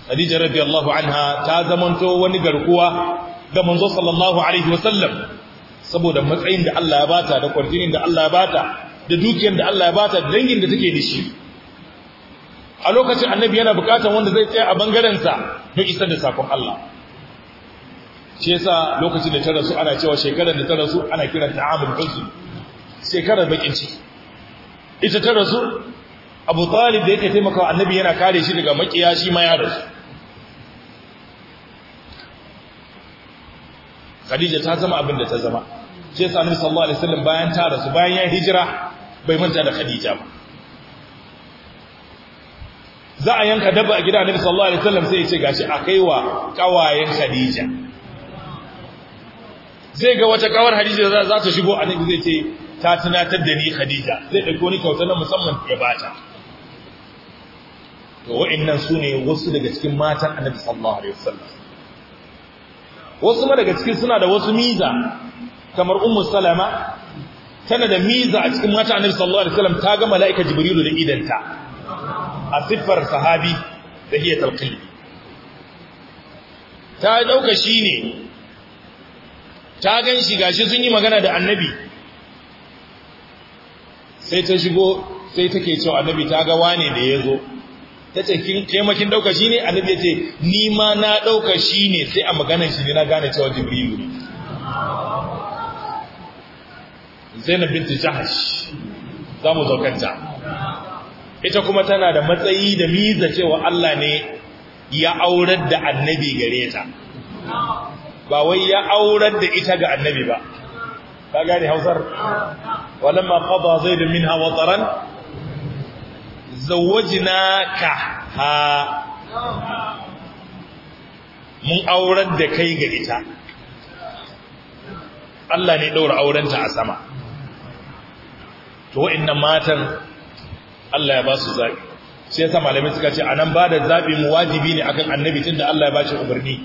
Khadija allahu anha ta zamanto wani garkuwa ga manzo sallallahu alaihi wasallam saboda matsayin da Allah ya bata da kwarjinin da Allah ya bata da dukiyar da Allah ya bata da dangin da take da shi a lokacin annabi yana bukatar wanda zai tsaya a bangaren sa don isa da sakon Allah shi yasa lokacin da ta rasu ana cewa shekarar da ta rasu ana kira ta amul huzn shekarar bakin ciki ita ta rasu Abu Talib da yake taimakawa annabi yana kare shi daga makiya shi ma ya rasu Khadija ta zama abin da ta zama shi yasa Annabi sallallahu alaihi wasallam bayan ta rasu bayan ya hijira bai manta da khadija ba za a yanka dabba a gida annabi sallallahu alaihi wasallam sai ya ce gashi akai wa kawayen khadija zai ga wata kawar khadija za ta shigo annabi zai ce ta tunatar da ni khadija zai dauko ni kyauta na musamman ya bata to wa'annan sune wasu daga cikin matan annabi sallallahu alaihi wasallam wasu ma daga cikin suna da wasu miza kamar ummu salama tana da miza a cikin mata annabi sallallahu alaihi wasallam ta ga mala'ika jibrilu da idanta a siffar sahabi da hiya talqin ta dauka shine ta gan shi gashi sun yi magana da annabi sai ta shigo sai take cewa annabi ta ga wane da yazo ce kin kaimakin dauka shine annabi yace ni ma na dauka shine sai a magana shi ne na gane cewa jibrilu ne zainab binti jahash za mu zaukanta ita kuma tana da matsayi da miza cewa Allah ne ya aurar da annabi gare ta ba wai ya aurar da ita ga annabi ba ka gane hausar walamma qada zaid minha wataran ka ha mun aurar da kai ga ita Allah ne ɗaura aurenta a sama to wa'annan matan Allah ya ba su zaɓi sai yasa malamai suka ce a nan ba da zaɓi mu wajibi ne akan annabi tun da Allah ya ba shi umarni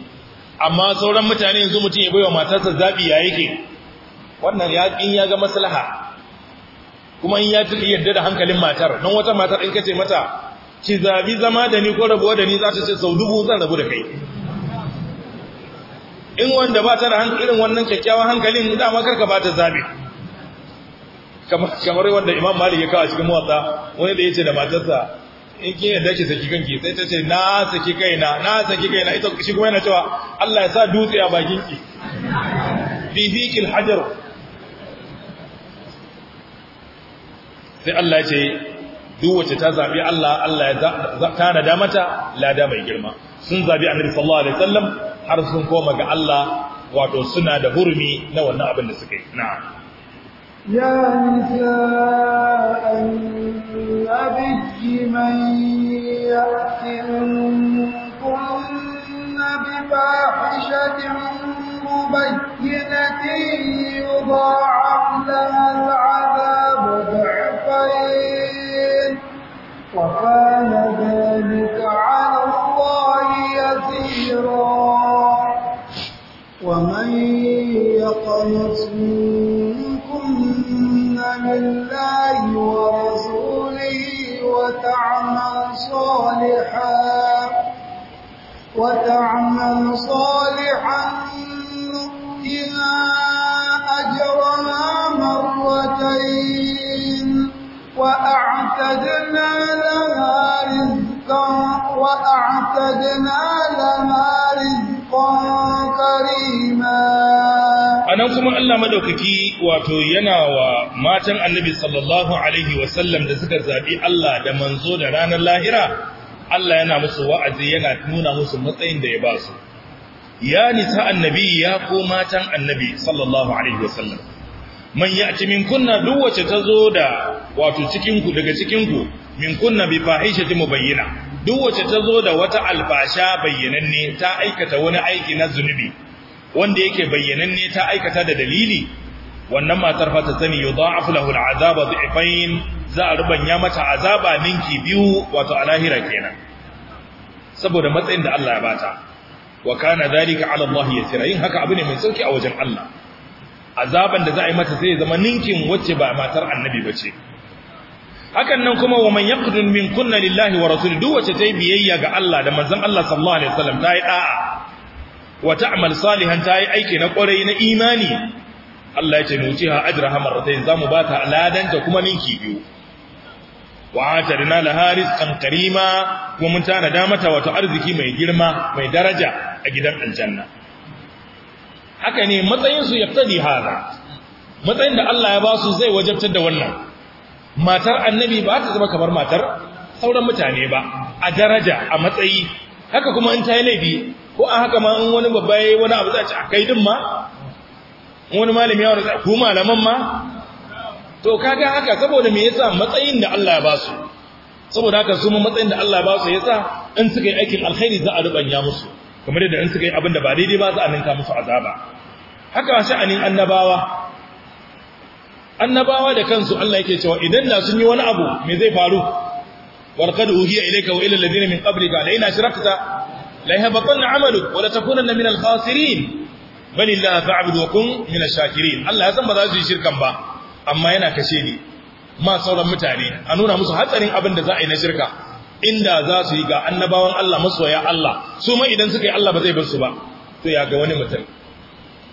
amma sauran mutane yanzu mutum ya wa matarsa zaɓi ya yake wannan ya ƙin ya ga maslaha kuma in ya tuki yadda da hankalin matar don wata matar in kace mata ki zabi zama da ni ko rabuwa da ni za ta ce sau dubu zan rabu da kai in wanda ba ta da irin wannan kyakkyawan hankalin dama karka ba ta zabi kamar wanda imam malik ya kawo cikin muwatsa wani da ya ce da matarsa in kin yadda ki saki kanki sai ta ce na saki kaina na saki kaina ita shi kuma yana cewa Allah ya sa dutse a bakin ki bi biqil hajar sai Allah ya ce duk wacce ta zabi Allah Allah ya tana da mata lada mai girma sun zabi annabi sallallahu alaihi wasallam har sun koma ga Allah wato suna da hurumi na wannan abin da suka yi na'am يا نساء النبي من يأتنكن بفاحشة مبينة يضاعف لها العذاب ضعفين وكان ذلك على الله يسيرا ومن يقنط الله ورسوله وتعمل صالحا وتعمل صالحا نؤتنا أجرنا مرتين وأعتدنا لها رزقا وأعتدنا لها رزقا كريما anan kuma Allah madaukaki wato yana wa matan Annabi sallallahu alaihi wasallam da suka zabi Allah da manzo da ranar lahira Allah yana musu wa'azi yana nuna musu matsayin da ya ba su ya nisa annabi ya ko matan annabi sallallahu alaihi wasallam man ya'ti min kunna duk wacce tazo da wato cikin ku daga cikin ku min kunna bi fahishati mubayyina duk wacce tazo da wata albasha bayyananne ta aikata wani aiki na zunubi wanda yake bayyananne ta aikata da dalili wannan matar fa ta sani yudha'afu lahu al'azaba dhi'fain za a rubanya mata azaba ninki biyu wato a lahira kenan saboda matsayin da Allah ya bata wa kana dhalika 'ala Allah yasira yin haka abu ne mai sauki a wajen Allah azaban da za a yi mata sai zama ninkin wacce ba matar annabi bace hakan nan kuma wa man yaqdun min kunna lillahi wa rasuli duk ta yi biyayya ga Allah da manzon Allah sallallahu alaihi wasallam ta yi da'a Wata amal salihan ta yi aiki na kwarai na imani Allah ya ce nutiha ajraha marratayn zamu ba ta ladanta kuma ninki biyu wa atarna laha rizqan karima kuma mun tana da mata wata arziki mai girma mai daraja a gidan aljanna haka ne matsayin su yaftadi hada matsayin da Allah ya ba su zai wajabtar da wannan matar annabi ba ta zama kamar matar sauran mutane ba a daraja a matsayi haka kuma in ta yi laifi ko a haka ma in wani babba yayi wani abu za a kai din ma wani malami ya wani ku malaman ma to kaga haka saboda me yasa matsayin da Allah ya ba su saboda haka su matsayin da Allah ya ba su yasa in suka yi aikin alkhairi za a rubanya musu kamar yadda in suka yi abin da ba daidai ba za a ninka musu azaba haka sha'anin annabawa annabawa da kansu Allah yake cewa idan da sun yi wani abu me zai faru warqad uhiya ilayka wa ila alladhina min qablika la in ashrakta la yahbatanna 'amaluk wa la takunanna minal khasirin bal illaha fa'bud wa kun minash shakirin Allah ya san ba za su yi shirkan ba amma yana kashe ni ma mutane a nuna musu hatsarin abin da za a yi na shirka inda za su yi ga annabawan Allah masoya Allah su ma idan suka Allah ba zai bar su ba to ya ga wani mutum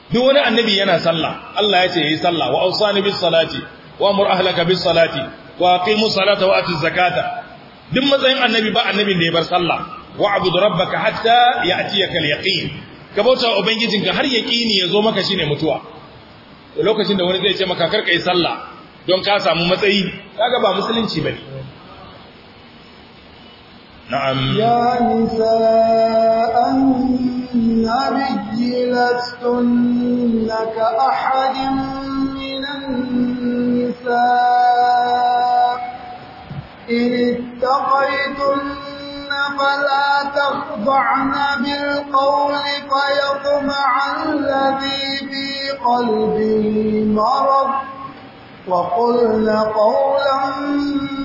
duk wani annabi yana sallah Allah ya ce ya yi sallah wa awsani bis salati wa amur ahlaka bis salati wa aqimu salata wa atu zakata duk matsayin annabi ba annabin da ya bar sallah wa'bud rabbaka hatta ya'tiyaka al-yaqin ka bauta wa ubangijinka har yaqini zo maka shine mutuwa lokacin da wani zai ce maka karka yi sallah don ka samu matsayi kaga ba musulunci bane na'am ya nisa النبي لستن كأحد من النساء إن اتقيتن فلا تخضعن بالقول فيطمع الذي في قلبه مرض وقلن قولا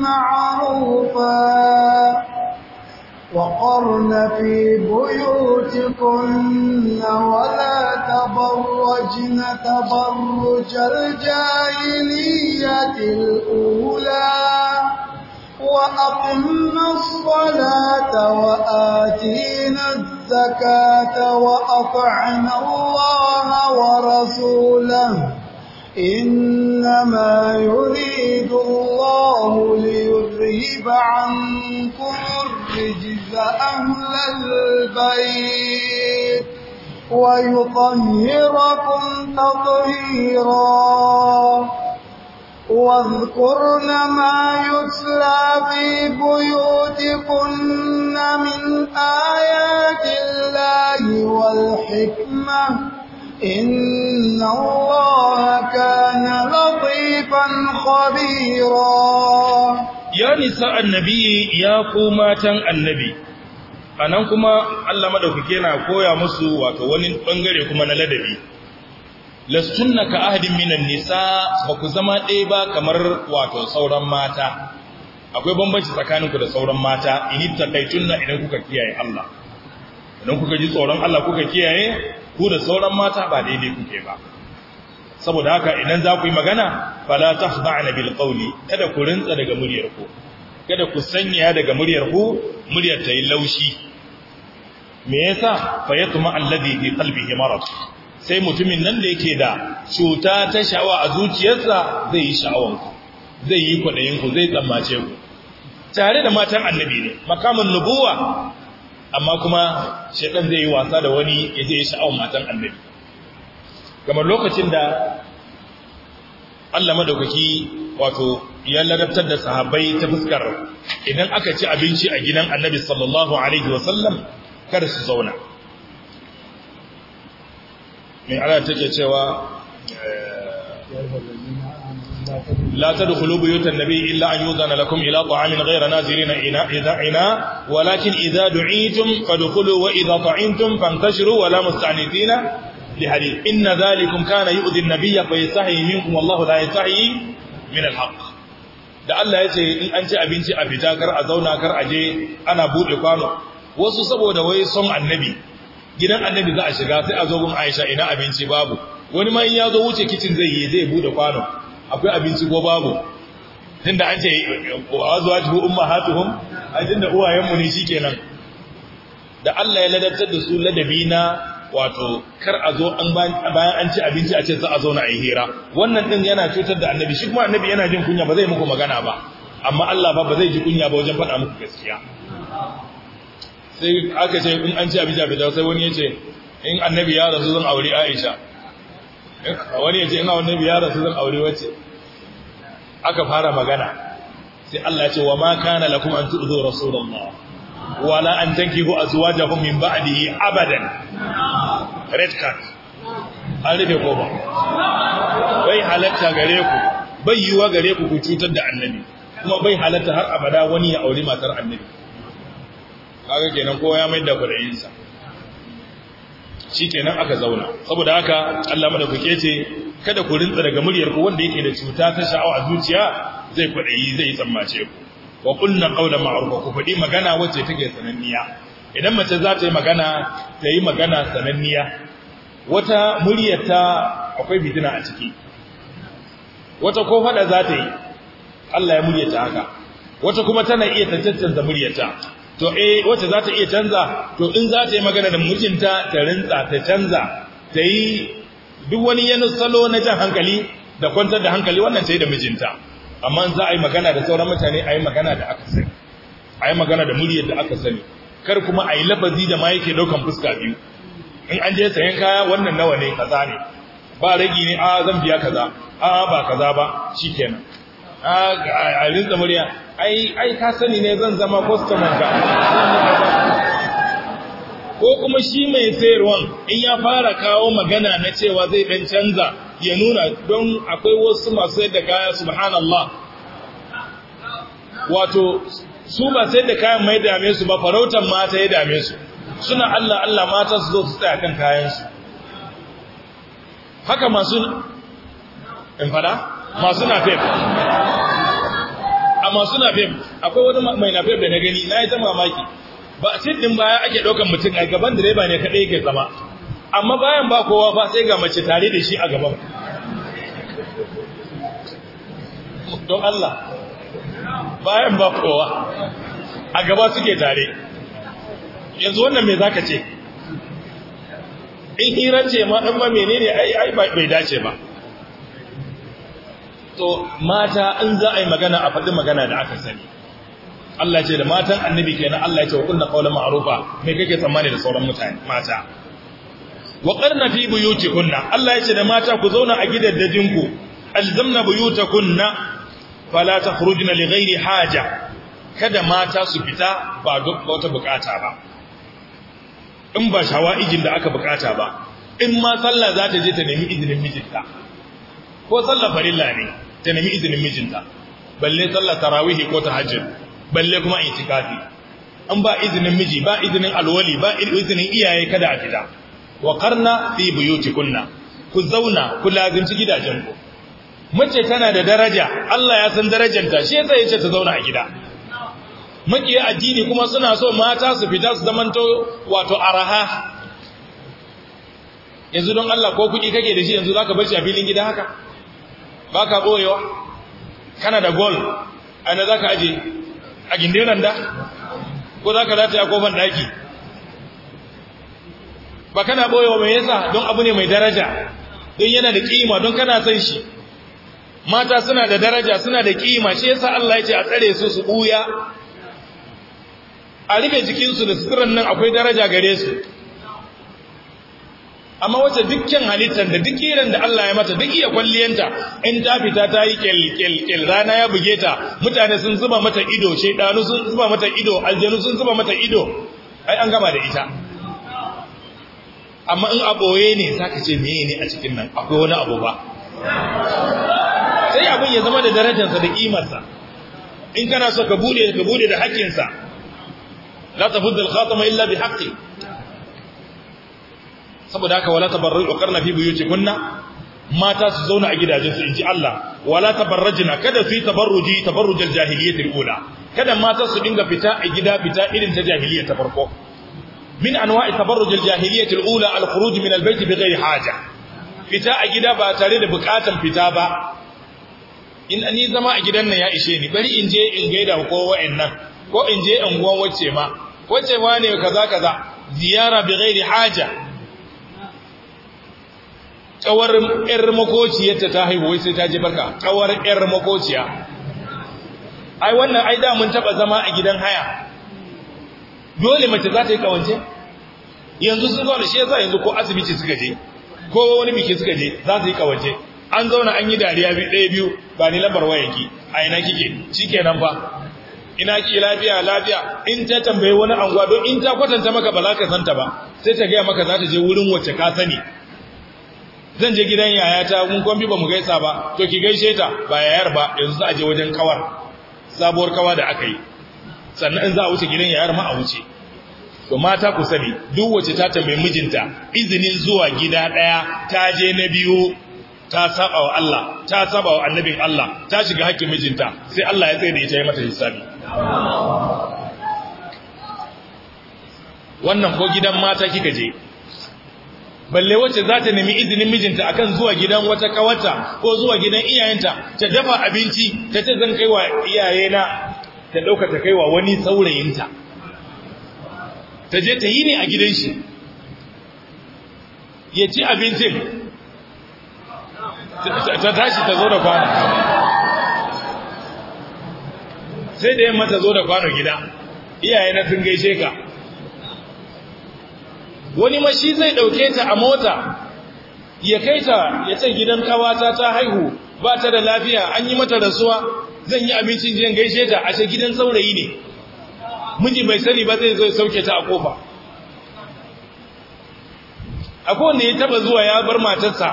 معروفا وقرن في بيوتكن ولا تبرجن تبرج الجاهلية الأولى وأقمنا الصلاة وآتينا الزكاة وأطعنا الله ورسوله إنما يريد الله ليذهب عنكم الرجز أهل البيت ويطهركم تطهيراً واذكرن ما يتلى في بيوتكن من آيات الله والحكمة إن الله كان لطيفا خبيرا يا نساء النبي يا قومات النبي anan kuma Allah madaukake na koya musu wato wani bangare kuma na ladabi lastunna ka ahadin minan nisa ba ku zama ɗaya ba kamar wato sauran mata akwai bambanci tsakaninku da sauran mata in ittaqaytunna idan kuka kiyaye Allah idan kuka ji tsoron Allah kuka kiyaye ku da sauran mata ba daidai kuke ba saboda haka idan za ku yi magana fala tahda'na bil qawli kada ku rinsa daga muryarku, kada ku sanya daga muryar ku muryar ta yi laushi me yasa fayatma alladhi fi qalbihi marad sai mutumin nan da yake da cuta ta sha'awa a zuciyarsa zai yi sha'awanku zai yi kwaɗayinku zai tsammace ku tare da matan annabi ne makamin nubuwa amma kuma shaidan zai yi wasa da wani ya je yi sha'awan matan annabi kamar lokacin da Allah madaukaki wato ya larabtar da sahabbai ta fuskar idan aka ci abinci a gidan annabi sallallahu alaihi wasallam kar su zauna mai ala take cewa eh, la tadkhulu buyutan nabiy illa an yuzana lakum ila ta'amin ghayra nazirin ina idha ina walakin idha du'itum fadkhulu wa idha ta'intum fantashiru wa la musta'nidina li hadith inna dhalikum kana yu'dhi an-nabiy fa yasahi minkum wallahu la yasahi min al-haq da Allah yace in an ci abinci a fita kar a zauna kar a je ana buɗe kwano wasu saboda wai son annabi gidan annabi za a shiga sai a zo gun aisha ina abinci babu wani ma in ya zo wuce kicin zai yi zai bude kwano akwai abinci ko babu tunda an ce azwajuhu ummahatuhum ai tunda uwayenmu ne shikenan da Allah ya ladabtar da su ladabi na wato kar a zo an bayan an ci abinci a ce za a zauna a yi hira wannan din yana cutar da annabi shi kuma annabi yana jin kunya ba zai muku magana ba amma Allah ba ba zai ji kunya ba wajen faɗa muku gaskiya sai aka ce in an ci abin jafita sai wani ya ce in annabi ya rasu zan aure aisha wani ya ce in annabi ya rasu zan aure wacce aka fara magana sai Allah ya ce wa ma kana lakum an tu'zu rasulullah wala an tankihu azwajakum min ba'dihi abadan red card an rufe ba. bai halatta gare ku bai yiwa gare ku ku cutar da annabi kuma bai halatta har abada wani ya aure matar annabi kaga kenan kowa ya mai da kudayinsa shikenan aka zauna saboda haka Allah madaukake ce kada ku rinta daga muryar ku wanda yake da cuta ta sha'awa a zuciya zai kudayi zai tsammace ku wa qulna qawla ma'rufa ku fadi magana wacce take sananniya idan mace za ta yi magana ta yi magana sananniya wata muryar ta akwai bidina a ciki wata ko fada za ta yi Allah ya muryata haka wata kuma tana iya ta cancanta muryata to eh wacce za ta iya canza to in za ta yi magana da mijinta ta rintsa ta canza ta yi duk wani yanin salo na jan hankali da kwantar da hankali wannan sai da mijinta amma za a yi magana da sauran mutane a yi magana da aka sani a yi magana da muryar da aka sani kar kuma a yi lafazi da ma yake daukan fuska biyu in an je sayan kaya wannan nawa ne kaza ne ba ragi ne a ah, zan biya kaza a ah, ba kaza ba shikenan a rinsa murya ai ka sani ne zan zama customer ka ko kuma shi mai sayarwan in ya fara kawo magana na cewa zai dan canza ya nuna don akwai wasu masu yadda kaya subhanallah wato su ba sayar da kayan mai dame su ba farautan mata ya dame su suna Allah Allah mata su zo su tsaya kan kayansu. su haka masu in fada masu nafef a masu nafef akwai wani mai nafef da na gani na yi ta mamaki ba a cikin baya ake ɗaukan mutum a gaban direba ne kaɗai ke zama amma bayan ba kowa ba sai ga mace tare da shi a gaban don Allah bayan ba kowa a gaba suke tare yanzu wannan mai zaka ce in hira ce ma ɗan ma menene ai ai bai dace ba to mata in za a yi magana a faɗi magana da aka sani Allah ce da matan annabi kenan Allah ya ce wa kunna qawlan ma'rufa me kake tsammani da sauran mutane mata wa qarna fi buyutikunna Allah ya ce da mata ku zauna a gidaddajin ku alzamna buyutakunna fala takhrujna li ghairi haja kada mata su fita ba duk wata bukata ba in ba shawa'ijin da aka bukata ba in ma sallah za ta je ta nemi izinin mijinta ko sallar farilla ne ta nemi izinin mijinta balle sallar tarawihi ko tahajjud balle kuma itikafi an ba izinin miji ba izinin alwali ba izinin iyaye kada a gida. wa qarna fi buyutikunna ku zauna ku lazimci gidajenku mace tana da daraja Allah ya san ta shi yasa yace ta zauna a gida makiya addini kuma suna so mata su fita su zamanto wato araha yanzu don Allah ko kuɗi kake da shi yanzu zaka bar shi a filin gida haka ba ka ɓoyewa kana da gol ana za ka aje a gindin randa ko za ka zata ya kofan ɗaki ba kana ɓoyewa mai yasa don abu ne mai daraja don yana da ƙima don kana san shi mata suna da daraja suna da ƙima shi yasa Allah ya ce a tsare su su buya a rufe jikinsu da suturan nan akwai daraja gare su amma wace dukkan halittar da duk irin da Allah ya mata duk iya kwalliyanta in ta fita ta yi kyalkyalkyal rana ya buge ta mutane sun zuba mata ido shaidanu sun zuba mata ido aljanu sun zuba mata ido ai an gama da ita amma in aboye ne za ka ce meye ne a cikin nan akwai wani abu ba sai abin ya zama da darajarsa da ƙimarsa. in kana so ka bude ka bude da haƙƙinsa la tafuddu al-khatama illa bi haqqi saboda haka wala tabarruju qarna fi buyutikunna mata su zauna a gidajensu inji Allah wala tabarrajna kada su yi tabarruji tabarrujal jahiliyyatil ula kada mata su dinga fita a gida fita irin ta jahiliyya ta farko min anwa'i tabarrujal jahiliyyatil ula al khuruj min al bayt bighairi haja fita a gida ba tare da bukatan fita ba in ni zama a gidan nan ya ishe ni bari in je in gaida ko wa'annan ko in je in wacce ma wacce ma ne kaza kaza ziyara bighairi haja kawar yar makociyarta ta haihu wai sai ta ji barka tsawar yar makociya ai wannan ai da mun taba zama a gidan haya dole mace za ta yi kawance yanzu sun da shi yasa yanzu ko asibiti suka je ko wani biki suka je za su yi kawance an zauna an yi dariya ɗaya biyu ba ni lambar ki a ina kike shikenan fa ina ki lafiya lafiya in ta tambaye wani anguwa don in ta kwatanta maka ba za ka santa ba sai ta gaya maka za ta je wurin wacce ka sani zan je gidan yayata mun kwambi ba mu gaisa ba to ki gaishe ta ba yayar ba yanzu za a je wajen kawar sabuwar kawa da aka yi sannan in za a wuce gidan yayar ma a wuce to mata ku sani duk wacce ta tambayi mijinta izinin zuwa gida daya ta je na biyu ta saba wa Allah ta saba wa annabin Allah ta shiga hakkin mijinta sai Allah ya tsaye da ita ya mata hisabi wannan ko gidan mata kika je balle wacce za ta nemi izinin mijinta akan zuwa gidan wata kawata ko zuwa gidan iyayenta ta dafa abinci ta ce zan kai wa iyayena ta dauka ta kai wa wani saurayinta ta je ta yi ne a gidan shi ya ci abincin ta tashi ta zo da kwano sai da yamma ta zo da kwano gida iyayena sun gaishe ka wani mashi zai dauke ta a mota ya kai ta ya ce gidan kawata ta haihu ba ta da lafiya an yi mata rasuwa zan yi abincin jiyan gaishe ta a ce gidan saurayi ne miji bai sani ba zai zo ya sauke ta a kofa a wanda ya taba zuwa ya bar matarsa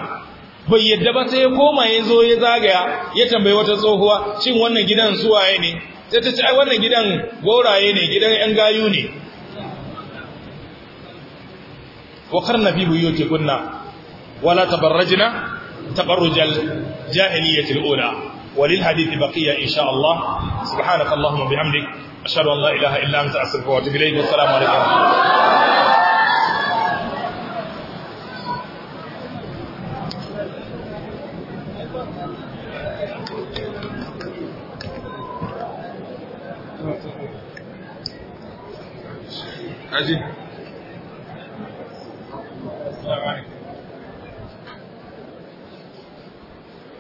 bai yadda ba sai ya koma ya zo ya zagaya ya tambayi wata tsohuwa shin wannan gidan suwaye ne sai ta ce ai wannan gidan gauraye ne gidan yan gayu ne وقرنا في بيوتكن ولا تبرجنا تبرج الجاهلية الأولى وللحديث بقية إن شاء الله سبحانك اللهم وبحمدك أشهد أن لا إله إلا أنت أستغفرك وأتوب إليك والسلام عليكم Thank you.